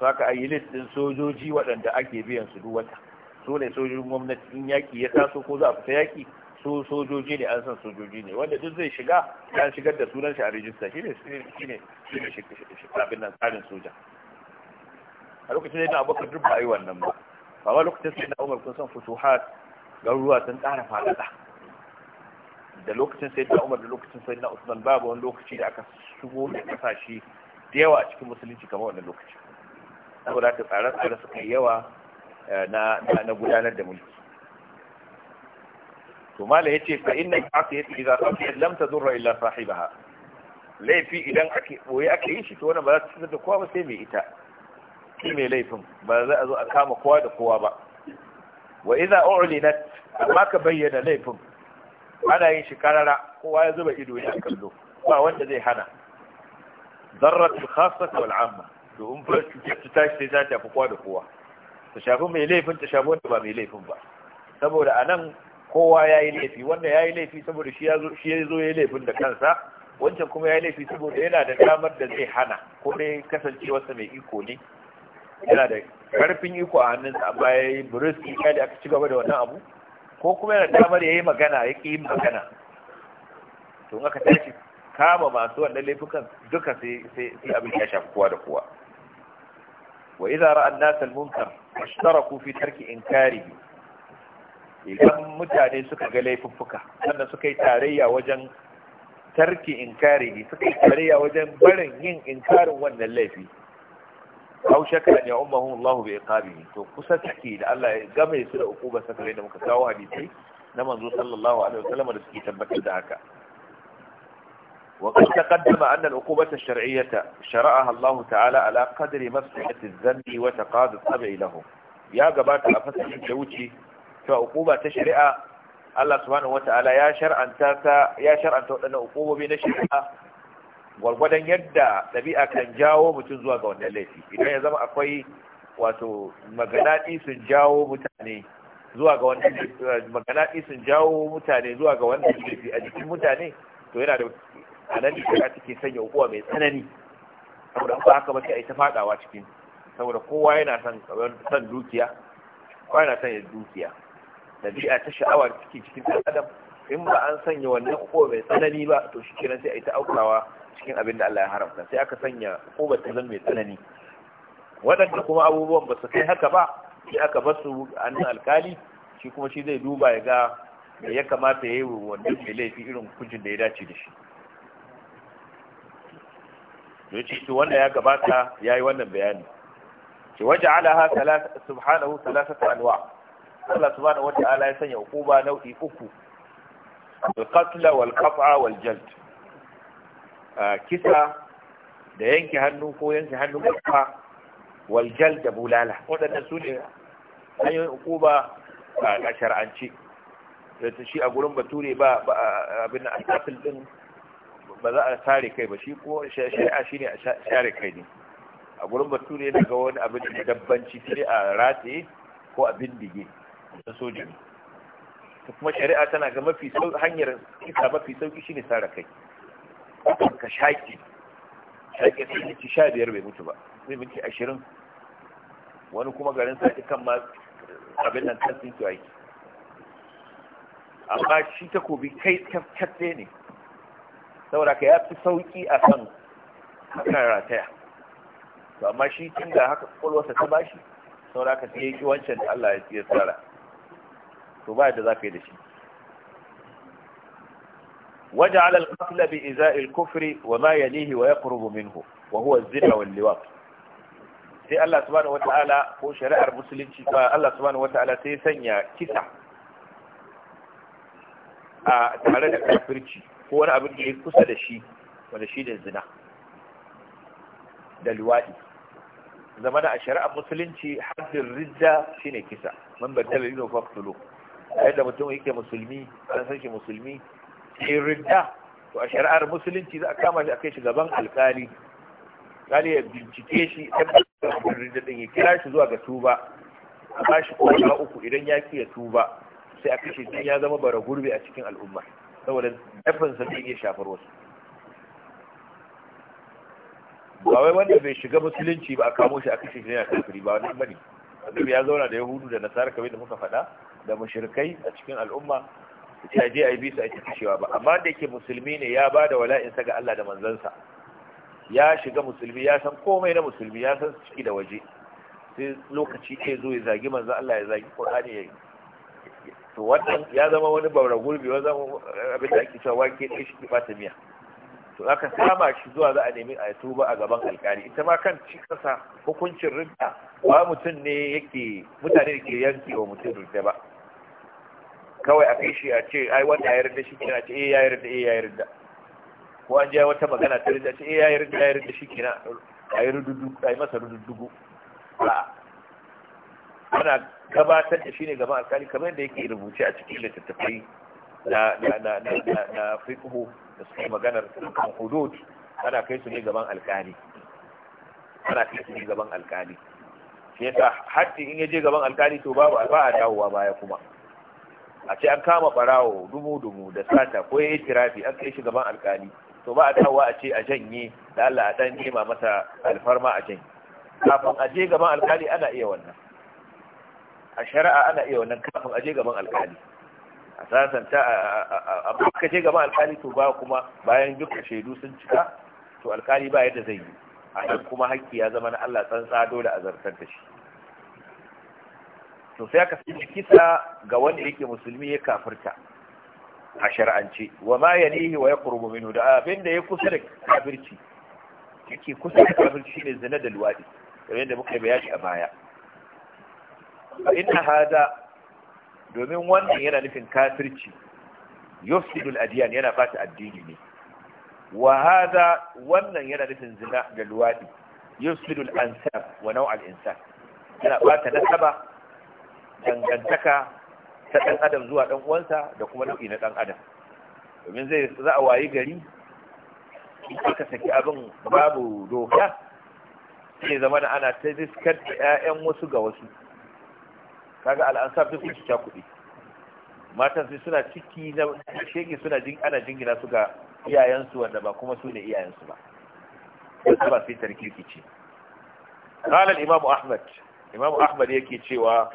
saka a yi listin sojoji waɗanda ake biyan su duk wata su ne sojojin gwamnati in yaƙi ya taso ko za a fita yaƙi su sojoji ne an san sojoji ne wanda duk zai shiga ya shigar da sunan shi a rijista shi ne shi ne shi ne nan tsarin soja a lokacin da abokan duk ba a yi wannan ba amma lokacin sai na umar kun san har garuruwa sun tsara faɗaɗa da lokacin sai na umar da lokacin sai na usman babu wani lokaci da aka shigo da kasashe da yawa a cikin musulunci kamar wannan lokaci saboda haka tsare-tsare suka yawa eh, na gudanar da mulki to mala yace fa inna al-asiyati idza qafiyat lam tadurra illa sahibaha laifi idan ake boye aka yi shi to wannan ba za ta cutar da kowa ba sai mai ita shi mai laifin ba za a zo a kama kowa da kowa ba wa idza u'linat amma ka bayyana laifin ana yin shi karara kowa ya zuba ido ya kallo ba wanda zai hana zarrat khassata wal amma domin fa ta tashi sai ta tafi kowa da kowa ta shafi mai laifin ta shafi wanda ba mai laifin ba saboda anan kowa ya yi laifi wanda ya yi laifi saboda shi ya zo ya yi laifin da kansa wancan kuma ya yi laifi saboda yana da damar da zai hana ko dai kasancewarsa mai iko ne yana da karfin iko a hannunsa baya ya yi buriski da aka ci gaba da wannan abu ko kuma yana damar ya yi magana ya ƙi yin magana to in aka tashi kama masu wannan laifukan duka sai abin ya shafi kowa da kowa wa idza ra'a an nasa al-munkar ashtaraku fi tarki inkarihi idan mutane suka ga laifuffuka sannan suka yi tarayya wajen tarki inkari ne suka yi tarayya wajen barin yin inkarin wannan laifi aw shakka ne ummuhum Allah bi iqabi to kusa take da Allah ya game su da ukuba sakarai da muka kawo hadisi na manzo sallallahu alaihi wasallam da suke tabbatar da haka وقد تقدم ta'ala العقوبة الشرعية شرعها الله تعالى على قدر مصلحة الذنب وتقاضي الطبع له يا جماعة da wuce. to hukuma ta shari'a Allah subhanahu wata'ala ya shar'anta ta ya shar'anta waɗannan hukumomi na shari'a gwargwadon yadda ɗabi'a kan jawo mutum zuwa ga wannan laifi idan ya zama akwai wato maganaɗi sun jawo mutane zuwa ga wannan maganaɗi sun jawo mutane zuwa ga wannan laifi a jikin mutane to yana da anan da take sanya hukuma mai tsanani saboda ba haka ba sai a yi ta fadawa cikin saboda kowa yana son dukiya kowa yana son dukiya dabi'a ta sha'awa da take cikin ɗan adam in ba an sanya wannan ko mai tsanani ba to shi kenan sai a yi ta aukawa cikin abin da Allah ya haramta sai aka sanya ƙobar ta zan mai tsanani waɗanda kuma abubuwan ba su kai haka ba shi aka bar su alkali shi kuma shi zai duba ya ga me ya kamata ya yi wanda mai laifi irin hukuncin da ya dace da shi to ce shi wanda ya gabata ya yi wannan bayani ce waje alaha subhanahu talatata anwa' Allah subhanahu ala ya sanya hukuma nau'i uku al-qatl wal qat'a wal jald kisa da yanke hannu ko yanke hannu kafa wal jald da bulala waɗannan su ne hanyoyin hukuma a shar'anci da ta shi a gurin bature ba abin al-qatl din ba za a sare kai ba shi ko shari'a shine a share kai ne a gurin bature daga ga wani abin da dabbanci sai a rataye ko a bindige da sojin kuma shari'a tana ga mafi hanyar isa mafi sauki shine tsara kai ka shaƙi shaƙi sai minti sha biyar bai mutu ba sai minti ashirin wani kuma garin sa kan ma abin nan kan sun aiki amma shi takobi kai kyakkyakke ne saboda ka ya fi sauki a kan hakan rataya to amma shi tun da haka kwalwarsa ta bashi saboda ka sai ya ki wancan da Allah ya tsara to ba yadda za ka yi da shi waje alal kafila bi iza'il kufri wa ma yalihi wa yaqrubu minhu wa huwa zina wal liwaq sai Allah subhanahu wataala ko shari'ar musulunci ba ah, Allah subhanahu wataala sai sanya kisa a ah, tare da kafirci ko wani abin da ya kusa da shi wanda shi ne zina da liwadi Zamana a shari'ar musulunci haddin ridda shine kisa man baddala lino faqtulu a yadda mutum yake musulmi an san shi musulmi sai ridda to a shari'ar musulunci za a kama shi a kai shi gaban alkali kali ya bincike shi tabbatar ridda din ya kira shi zuwa ga tuba a ba shi kwana uku idan ya ki ya tuba sai a kai shi ya zama bara gurbi a cikin al'umma saboda sa zai iya shafar wasu ba wai wanda bai shiga musulunci ba a kamo shi a kashe shi yana kafiri ba wani bane annabi ya zauna da yahudu da nasara kamar da muka faɗa da mushirkai a cikin al'umma ta je a yi bisa a cikin ba amma da yake musulmi ne ya ba da wala'insa ga Allah da manzansa ya shiga musulmi ya san komai na musulmi ya san ciki da waje sai lokaci ke zo ya zagi manzan Allah ya zagi Qur'ani ya yi to wannan ya zama wani babra gurbi wani zama abin da ake cewa wake ɗaya shi ba ta miya to aka sama shi zuwa za a nemi a tuba a gaban alƙali ita ma kan ci kasa hukuncin rinta ba mutum ne yake mutane da ke yanki wa mutum rinta ba kawai a kai shi a ce ai wanda ya yarda shi kina a ce eh ya yarda eh ya yarda ko an ji wata magana ta yarda ce eh ya yarda ya yarda shi kina a yi rududu a yi masa rududdugu ba ana gabatar da shi ne gaban alkali kamar yadda yake rubuce a cikin littattafai na na na na na na fiqhu da suke maganar kan hudud ana kai su ne gaban alkali ana kai su ne gaban alkali shi yasa haddi in ya je gaban alkali to babu ba a dawowa baya kuma a ce an kama barawo dubu dubu da sata ko ya yi tirafi an kai shi gaban alkali to ba a dawowa a ce a janye da Allah a dan nema masa alfarma a janye kafin a je gaban alkali ana iya wannan a shari'a ana iya wannan kafin a je gaban alkali a sasanta a baka je gaban alkali to ba kuma bayan duka shaidu sun cika to alkali ba yadda zai yi a nan kuma hakki ya zama na Allah tsantsa dole a zartar da shi to sai aka sanya kisa ga wanda yake musulmi ya kafirta a shar'ance wa ma yalihi wa yaqrubu minhu da abin da ya kusa da kafirci yake kusa da kafirci ne zina da luwadi kamar yadda muka bayani a baya fa inna hada domin wannan yana nufin kafirci yufsidul adiyan yana bata addini ne wa hada wannan yana nufin zina da luwadi yufsidul ansab wa naw'al insan yana bata nasaba dangantaka ta ɗan adam zuwa ɗan uwansa da kuma nau'i na ɗan adam domin zai za a wayi gari aka saki abin babu doka sai zama da ana ta riskar da 'ya'yan wasu ga wasu kaga al'ansar duk su kuɗi matan sai suna ciki na shege suna jin ana jingina su ga iyayensu wanda ba kuma su ne iyayensu ba wasu ba sai tarkirki ce qala al-imam ahmad imam ahmad yake cewa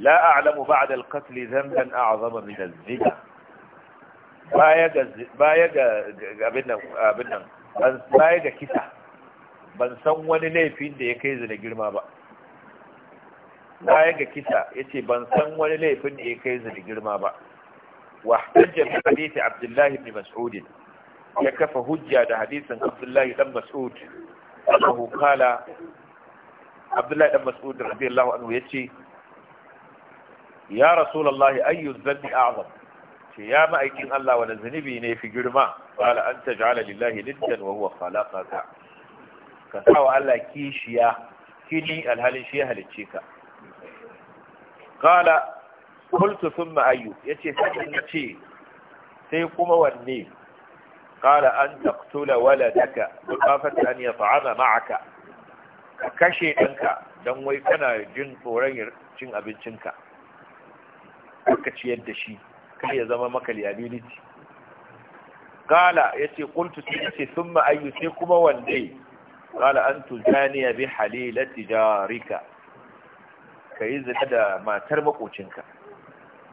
لا أعلم بعد القتل ذنبا أعظم من الزنا baya ga abin nan baya ga kisa ban san wani laifin da ya kai zina girma ba baya ga kisa yace ban san wani laifin da ya kai zina girma ba wa hajja hadisi abdullahi ibn Mas'udin, ya kafa hujja da hadisin abdullahi dan mas'ud annahu abdullahi dan mas'ud radiyallahu anhu yace ya rasulullahi ayyu dhanbi a'zam ce ya ma'aikin Allah wani zunubi ne fi girma qala an taj'ala lillahi niddan wa huwa khalaqaka ka sa wa Allah kishiya kini alhalin shi ya halicce ka qala qultu thumma ayyu yace sai ce sai kuma wanne qala an taqtula waladaka baqafat an yat'ama ma'aka ka kashe ɗanka don wai kana jin tsoron cin abincinka ka ciyar da shi kai ya zama maka liability kala ya ce kultu sai ce sun ma'ayyu sai kuma wande kala an ya bi halila tijarika ka yi zina da matar makocinka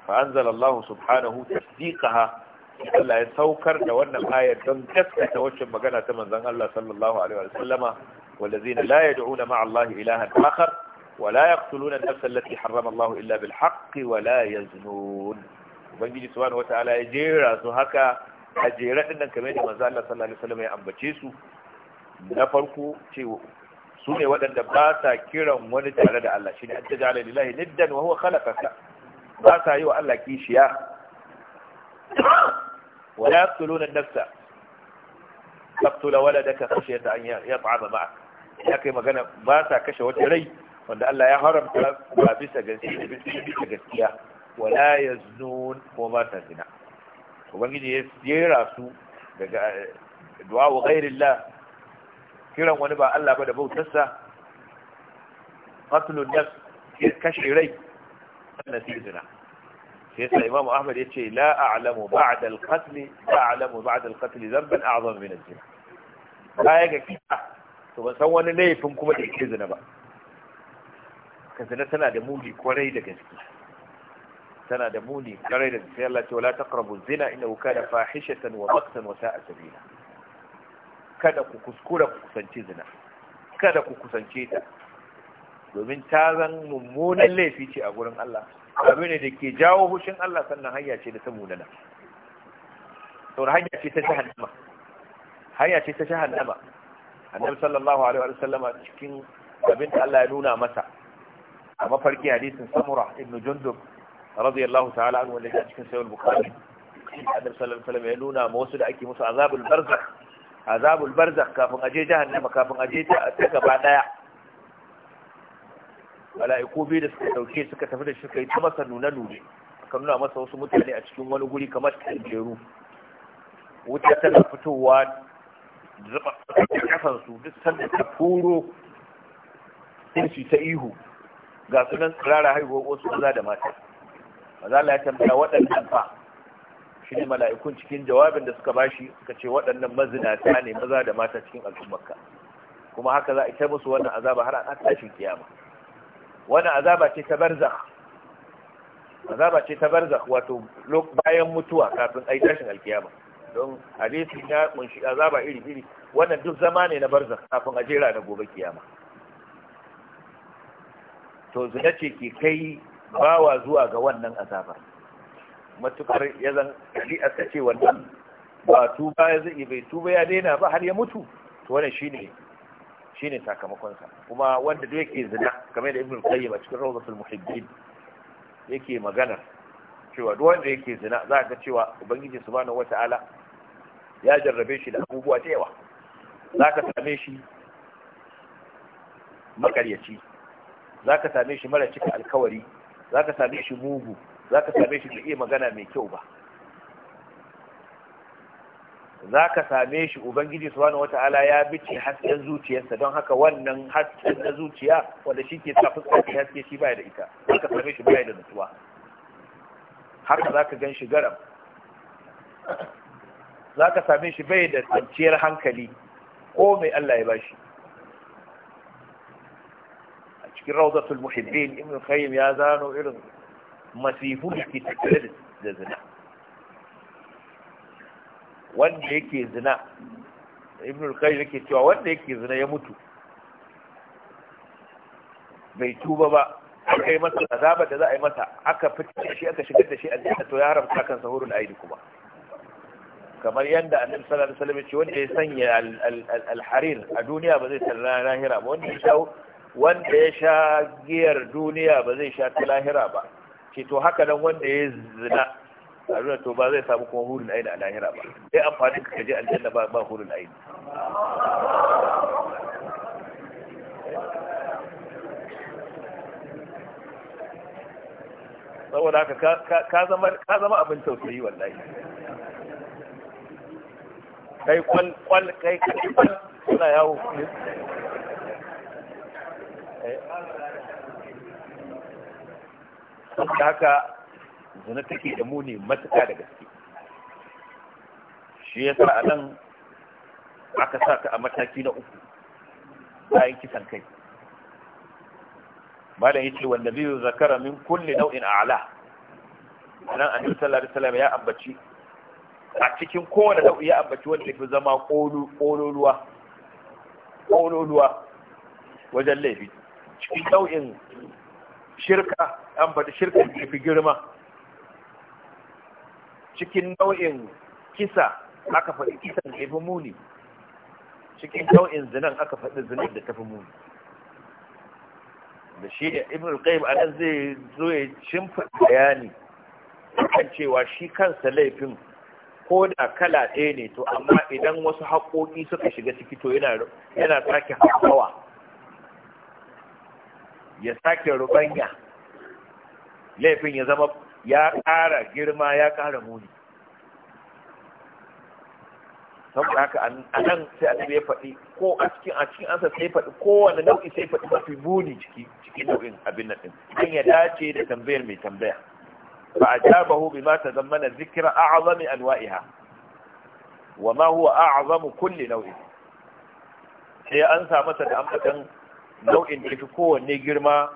fa anzala Allah subhanahu tasdiqaha Allah ya saukar da wannan ayar don gaskata waccan magana ta manzon Allah sallallahu alaihi wa sallama والذين لا يدعون مع الله ilahan آخر wala yaqtuluna an-nafsa allati harrama Allah illa bil haqqi wala yaznun ubangiji subhanahu wataala ya jera su haka a jera din nan kamar da manzo Allah sallallahu alaihi wasallam ya ambace su na farko cewa su ne waɗanda ba sa kiran wani tare da Allah shine an tajala lillahi niddan wa huwa khalaqaka ba sa yi wa Allah kishiya wala yaqtuluna an-nafsa taqtula waladaka khashyata an yat'ama ma'ak ya kai magana ba sa kashe wata rai wanda Allah ya haramta ba bisa gaskiya wala yaznun ko ba ta zina ubangiji ya jera su daga eh, duwawu wa kiran wani ba Allah ba da bautarsa qatlun ya kashe rai sannan sai zina sai sa imamu ahmad ya ce la a'lamu ba'da al-qatl a'lamu ba'da al zan dhanban a'zam min az-zina baya ga kisa to ban san wani laifin kuma da ke zina ba ka tana da muni kwarai da gaske tana da muni kwarai da gaske Allah ce wala taqrabu zina innahu kana fahishatan wa maqtan wa sa'a sabila kada ku kuskura ku kusanci zina kada ku kusance ta domin ta zan mummunan laifi ce a gurin Allah abin da ke jawo hushin Allah sannan hanya ce da ta munana saboda hanya ce ta jahannama hanya ce ta jahannama annabi sallallahu alaihi wa sallama cikin abin da Allah ya nuna masa a mafarki hadisin samura ibn jundub radiyallahu ta'ala an wanda ke cikin sayyid bukhari annabi sallallahu alaihi wasallam ya nuna ma wasu da ake musu azabul barzakh azabul barzakh kafin aje jahannama kafin aje ta gaba daya mala'iku bi da suka dauke suka tafi da shi kai ta masa nuna nune kan nuna masa wasu mutane a cikin wani guri kamar jeru wuta tana fitowa zuba kasan su duk sanda ta furo sai su ta ihu ga sunan tsirara haihuwa wasu maza da mata maza Allah ya tambaya waɗannan fa shi ne mala'ikun cikin jawabin da suka bashi suka ce waɗannan mazinata ne maza da mata cikin al'ummarka kuma haka za a ita musu wannan azaba har an tashin kiyama wannan azaba ce ta barzakh azaba ce ta barzakh wato bayan mutuwa kafin ai tashin alkiyama don hadisi ya kunshi azaba iri iri wannan duk zama ne na barzakh kafin a jera na gobe kiyama to zina ce ke kai bawa zuwa ga wannan azaba matukar ya zan kari a sace wannan ba tuba ya zai bai tuba ya daina ba har ya mutu to wannan shine shine sakamakonsa kuma wanda da yake zina kamar da ibnu qayyim a cikin rawdatul muhibbin yake magana cewa duk wanda yake zina za ka cewa ubangiji subhanahu wata'ala ya jarrabe shi da abubuwa da yawa za ka same shi makaryaci za ka same shi mara cika alkawari za ka same shi mugu za ka same shi da iya magana mai kyau ba za ka same shi ubangiji subhanahu wata'ala ya bice hasken zuciyarsa don haka wannan hasken na zuciya wanda shi ke sa fuskar haske shi baya da ita za ka same shi baya da nutsuwa haka za ka gan shi garam za ka same shi bai da kwanciyar hankali ko mai Allah ya bashi في روضة المحبين ابن الخيم يا زانو إرض مسيفون في تكلت زنا وان هيك زنا ابن الخيم هيك توا وان هيك زنا يموتوا بيتوبة بقى أي مسا عذابة جزاء أي مسا أكا فتح شيء أكا شكت شيء أدي حتو يعرف كاكا سهور الأيد كما كما يندى أن النبي صلى الله عليه وسلم يقول إيه سنية الحرير الدنيا بذيت الناهرة وإن يشاو wanda ya sha giyar duniya ba zai sha ta lahira ba ce to haka nan wanda ya zina a nuna to ba zai samu kuma hurin aini a lahira ba sai amfani ka je aljanna ba ba hurin aini saboda haka ka zama abin tausayi wallahi kai kwal kwal kai kwal suna yawo saboda haka zina take da muni matuƙa da gaske shi ya sa a nan aka sa ta a mataki na uku bayan kisan kai malam da yake wanda biyu zakara min kulle nau'in a'la nan a sallallahu alaihi wasallam ya ambaci a cikin kowane nau'i ya ambaci wanda ya fi zama ƙololuwa wajen laifi cikin nau'in shirka an faɗi shirka da fi girma cikin nau'in kisa aka faɗi kisan da fi muni cikin nau'in zinan aka faɗi zinan da tafi muni da shi ibn al-qayyim nan zai zo ya shimfa bayani kan cewa shi kansa laifin ko da kala ɗaya ne to amma idan wasu haƙoƙi suka shiga ciki to yana yana sake hawa ya sake rubanya laifin ya zama ya ƙara girma ya ƙara muni saboda haka a nan sai an ya faɗi ko a cikin a cikin ansa sai faɗi kowane nau'i sai faɗi mafi muni ciki cikin nau'in abin nan ɗin ya dace da tambayar mai tambaya ba a ja ta zama na zikira a a'zami alwa'iha wa ma huwa a'zamu kulle nau'i sai an sa masa da ambatan nau'in da fi kowanne girma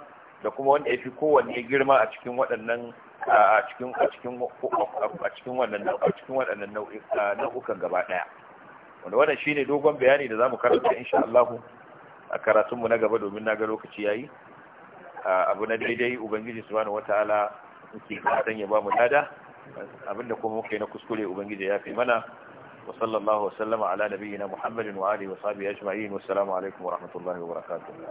da kuma wanda ya fi kowanne girma a cikin waɗannan a nau'ukan gaba ɗaya wanda wannan ne dogon bayani da za zamu karanta insha Allah a karatunmu na gaba domin na ga lokaci ya yi. abu na daidai ubangiji su subhanahu wataala yake fatan ya ba mu dada abinda kuma muke na kuskure ubangiji ya fi mana وصلى الله وسلم على نبينا محمد وآله وصحبه أجمعين والسلام عليكم ورحمة الله وبركاته